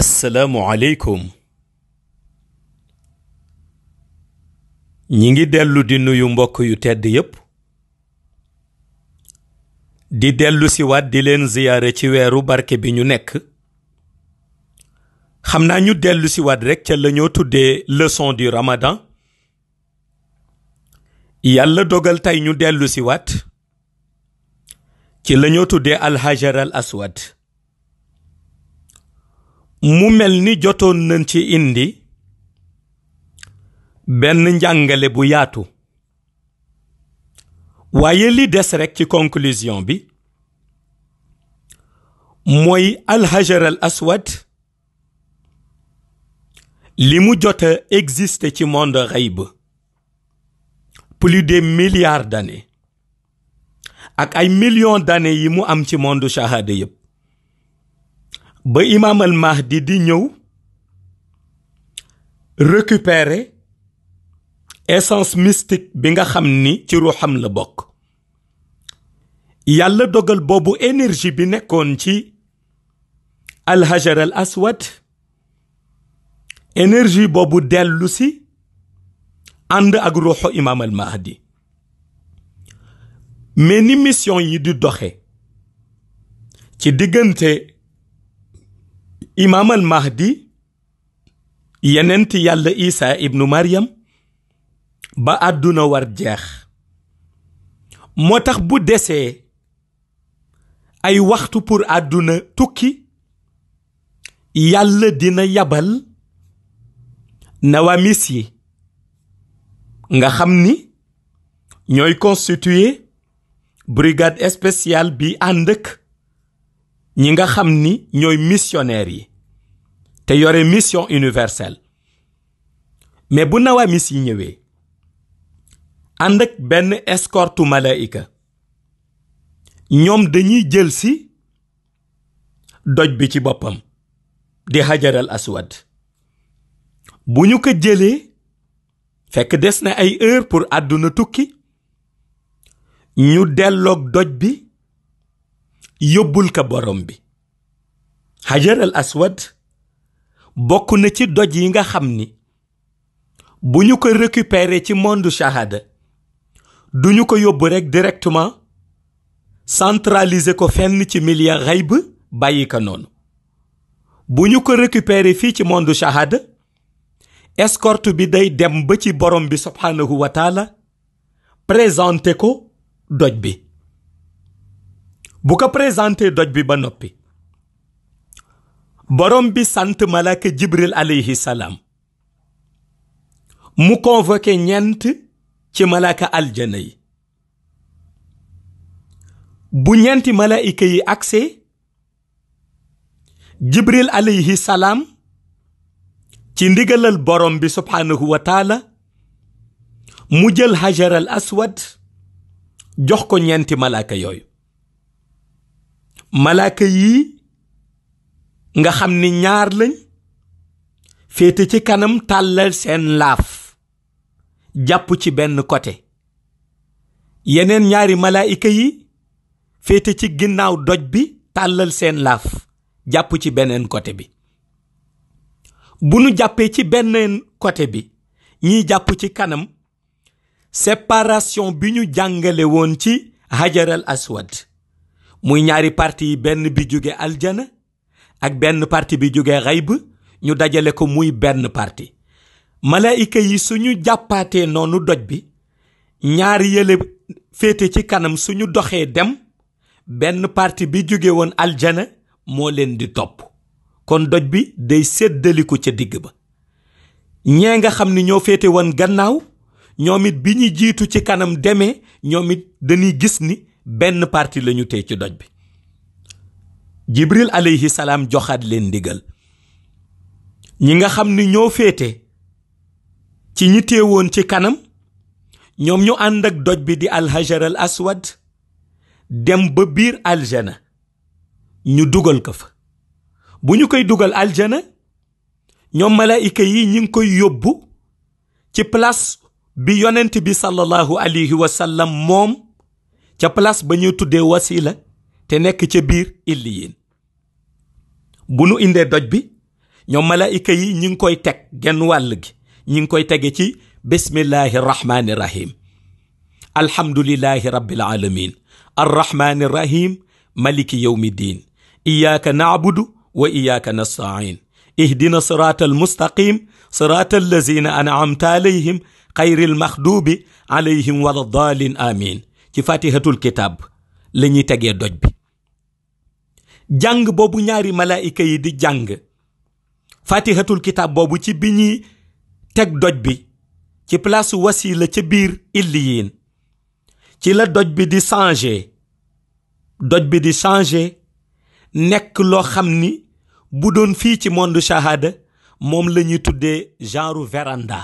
assalaamu aleykum ñi ngi dellu di nuyu mbokk yu tedd yépp di dellu si waat di leen ziyaare ci weeru barke bi ñu nekk xam naa ñu dellu si waat rekk ca lañoo tuddee leçon du ramadan yàlla dogal tey ñu dellu si waat ci la ñoo tuddee alhajar al aswad mu mel ni jotoon nañ ci indi benn njàngale bu yaatu waaye li des rekk ci conclusion bi mooy alhajar al aswad li mu jot a ci monde xayb plus de milliards d'années ak ay millions d'années yi mu am ci monde shahada yépp ba imaam al mahdi di ñëw récupérer essence mystique bi nga xam ni ci ruuxam la bokk yàlla dogal boobu énergie bi nekkoon ci alhajar al aswad énergie boobu dellusi ànd ak ruuxu imaam mahdi mais ni mission yi di doxe ci diggante imaamal mahdi yenent yàlla isaa ibnu mariam ba àdduna war jeex moo tax bu desee ay waxtu pour àdduna tukki yàlla dina yabal nawamis yi nga xam ni ñooy constituer brigade spéciale bi ànd ak ñi nga xam ni ñooy missionnaires yi te yore mission universelle mais bu nawaamis yi ñëwee ànd ak benn escorte malaika ñoom dañuy jël si doj bi ci boppam di hajaral aswad bu ñu ko jëlee fekk des na ay heure pour àdduna tukki ñu delloog doj bi yóbbul ka borom bi hajar al aswad bokk na ci doj yi nga xam ni bu ñu ko récupérer ci monde shahada du ñu ko yóbbu rek directement centraliser ko fenn ci milieu xayb bàyyi ko noonu bu ñu ko récupérer fii ci monde shahada escorte bi day dem ba ci borom bi subhaanahu wa taala présenter ko doj bi bu ko présenté doj bi ba noppi borom bi sant malaaka jibril alayhi salaam mu convoqué ñeent ci malaaka aljana yi bu ñeenti malaayika yi agsee jibril alayhi salaam ci ndigalal borom bi subhaanahu wa taala mu jël hajar al aswad jox ko ñeenti malaaka yooyu malaaka yii nga xam ni ñaar lañ féete ci kanam tàllal seen laaf jàpp ci benn côté yeneen ñaari malaayika yi féete ci ginnaaw doj bi tàllal seen laaf jàpp ci beneen côté bi bu nu jàppee ci beneen côté bi ñiy jàpp ci kanam séparation bi ñu jàngale woon ci hajaral aswad muy ñaari parti yi benn bi jóge aljana ak benn parti bi jóge xayb ñu dajale ko muy benn parti malaayika yi suñu jàppaatee noonu doj bi ñaari yële féete ci kanam suñu doxee dem benn parti bi jóge woon aljana moo leen di topp kon doj bi day séddaliku ca digg ba ñee nga xam ni ñoo féete woon gannaaw ñoom it bi ñu jiitu ci kanam demee ñoom it dañuy gis ni benn parti lañu ñu tey ci doj bi jibril aleyhi salaam joxaat leen ndigal ñi nga xam ni ñoo féete ci ñi woon ci kanam ñoom ñu ànd ak doj bi di alhajar al aswad dem ba biir aljana ñu dugal ko fa bu ñu koy dugal aljana ñoom malaayika yi ñi ngi koy yóbbu ci place bi yonent bi sallallahu alayhi wa sallam moom ca place ba ñuy tuddee wasila te nekk ca biir illiyin bu nu indee doj bi ñoom malaayika yi ñi ngi koy teg genn wàll gi ñi ngi koy tege ci bismillahi rahmaani rahim alhamdulillahi rabbil alamin arrahmaani rahim maliki yawmi diin iyaaka naabudu wa iyaaka nastain ihdina siraata almustaqim siraata allazina anamta alayhim xayri almaxduubi alayhim wala daalin amin ci fatihatul kitaab la tegee doj bi jàng boobu ñaari malaayika yi di jàng fatihatul kitaab boobu ci bi ñuy teg doj bi ci place wasila ca biir illiyin ci la doj bi di changer doj bi di changer nekk loo xam ni bu doon fii ci monde shahada moom lañuy tuddee genre véranda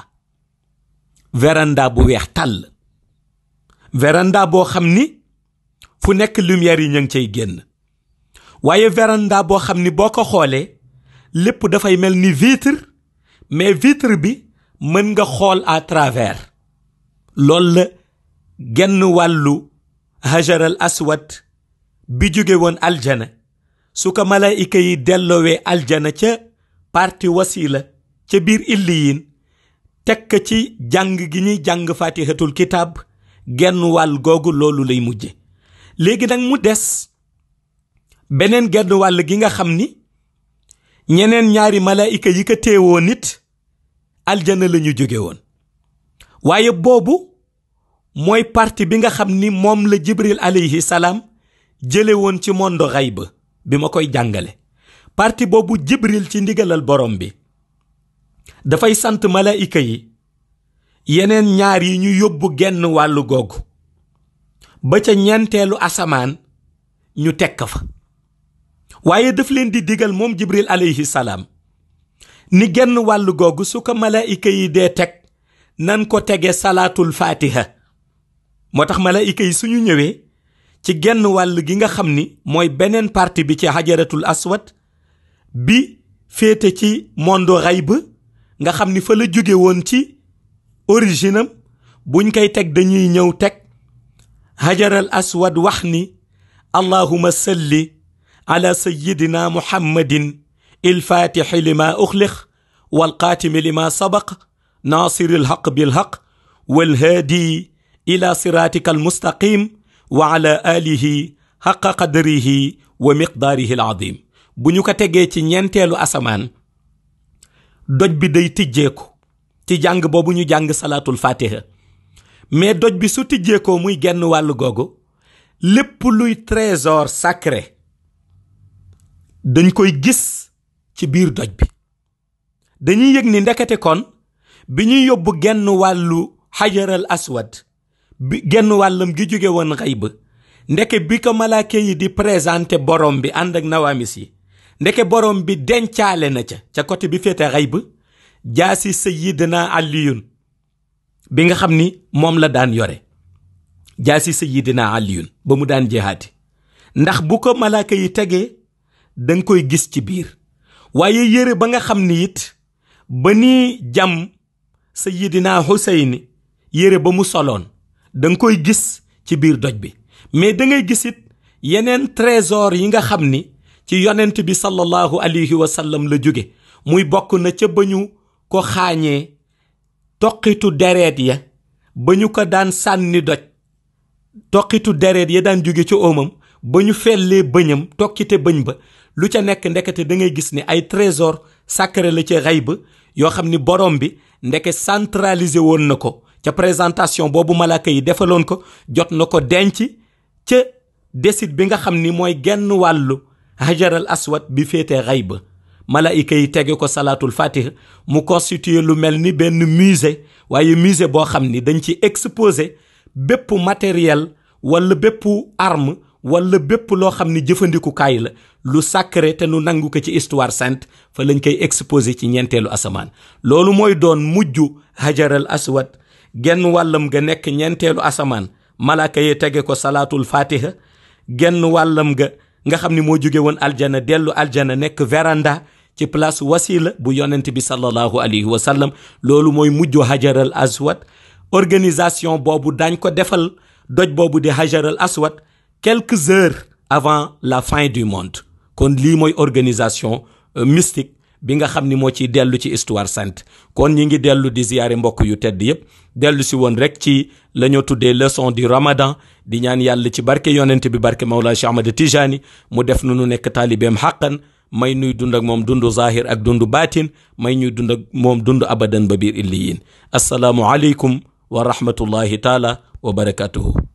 véranda bu weex tàll véranda boo xam ni fu nekk lumière yi ñu ngi cay génn waaye véranda boo xam ni boo ko xoolee lépp dafay mel ni vitre mais vitre bi mën nga xool à travers loolu la genn wàllu hajaral aswad bi jóge woon aljana su ko malaayika yi delloowee aljana ca parti wasila ca biir teg ko ci jàng gi ñuy jàng fatihatul kitaab genn wàll googu loolu lay mujje léegi nag mu des beneen genn wàll gi nga xam ni ñeneen ñaari malaayika yi ko teewoo nit aljana lañu jóge woon waaye boobu mooy parti bi nga xam ni moom la jibril alayhi salaam jële woon ci mondo xayba bi ma koy jàngale parti boobu jibril ci ndigalal borom bi dafay sant malaayika yi yeneen ñaar yi ñu yóbbu genn wàll googu ba ca ñenteelu asamaan ñu teg fa waaye daf leen di digal moom jibril alayhi salaam ni genn wàll googu su ko malaayika yi dee teg nan ko tege salaatul faatiha moo tax malaayika yi suñu ñëwee ci genn wàll gi nga xam ni mooy beneen parti bi ci xajaratul aswad bi féete ci mondo xayb nga xam ni fa la jóge woon ci origine am buñ koy teg dañuy ñëw teg hajaral aswad wax ni allahuma salli ala sayidina muhammadin ilfatixi lima uxlix walxaatimi lima sabaq naasiri lxaq bilxaq walhaadi ila siraatika almustaqim wa ala alihi xaqa qadrihi wa miqdaarihi aladim bu ñu ko tegee ci ñeenteelu asamaan doj bi day tijjeeku ci jàng boobu ñu jàng salaatul fàtte mais doj bi su tijjeekoo muy genn wàll googu lépp luy trésor sacré dañ koy gis ci biir doj bi dañuy yëg ni ndekete kon bi ñuy yóbbu genn wàllu xajaral aswad bi genn wàllam gi jóge woon xayb ndeke bi ko malaake yi di présenté borom bi ànd ak nawaamis yi ndeke borom bi dencaale na ca ca côté bi féete xayb jaasi sayyidina aliyun bi nga xam ni moom la daan yore jaasi sayyidina aliyun ba mu daan jeexaati ndax bu ko malaaka yi tegee danga koy gis ci biir waaye yére ba nga xam ni it ba ni jàmm sayyidina Hussein yére ba mu soloon danga koy gis ci biir doj bi mais da ngay gis it yeneen trésor yi nga xam ni ci yonent bi sallallahu alayhi wa sallam la jóge muy bokk na ca ba ko xaañee toqitu deret ya ba ñu ko daan sànni doj toqitu deret ya daan jóge ci oomam ba ñu fellee bëñam tokkite bëñ ba lu ca nekk ndekete da ngay gis ni ay trésor sacré la ci xay ba yoo xam ni borom bi ndeke centralisé woon na ko ca présentation boobu malaaka yi defaloon ko jot na ko denc ca desit bi nga xam ni mooy genn wàllu hajaral aswad bi féete xay ba malaayika yi tege ko salaatul fatiha mu constituer lu mel ni benn musée waaye musée boo xam ni dañ ci exposé bépp matériel wala bépp arme walla bépp loo xam ni jëfandikukaay la lu sacré te nu nangu ko ci histoire sainte fa lañ koy exposé ci ñeenteelu asamaan loolu mooy doon mujj hajaral aswad genn wàllam nga nekk ñeenteelu asamaan malaaka yi tege ko salaatul fatiha genn wàllam nga nga xam ni moo jóge woon aljana dellu aljana nekk veranda ci place wasila bu yonent bi sallallahu alayhi wa sallam loolu mooy mujj hajaral aswad organisation boobu daañ ko defal doj boobu di hajaral aswad quelques heures avant la fin du monde kon lii mooy organisation euh, mystique bi nga xam ni moo ciy dellu ci histoire sainte kon ñi ngi dellu di ziyaare mbokk yu tedd yépp dellu si woon rek ci la ñoo tuddee leçon du ramadan di ñaan yàlla ci barke yonent bi barke Mawlana Cheikh Ahmad Tijani mu def nu nu nekk taalibeem xàqan may nuy dund ak moom dund zahir ak dundu baatin may ñuy dund ak moom dund abadan ba biir illiyin asalaamu aleykum wa rahmatullahi taala wa barakatuhu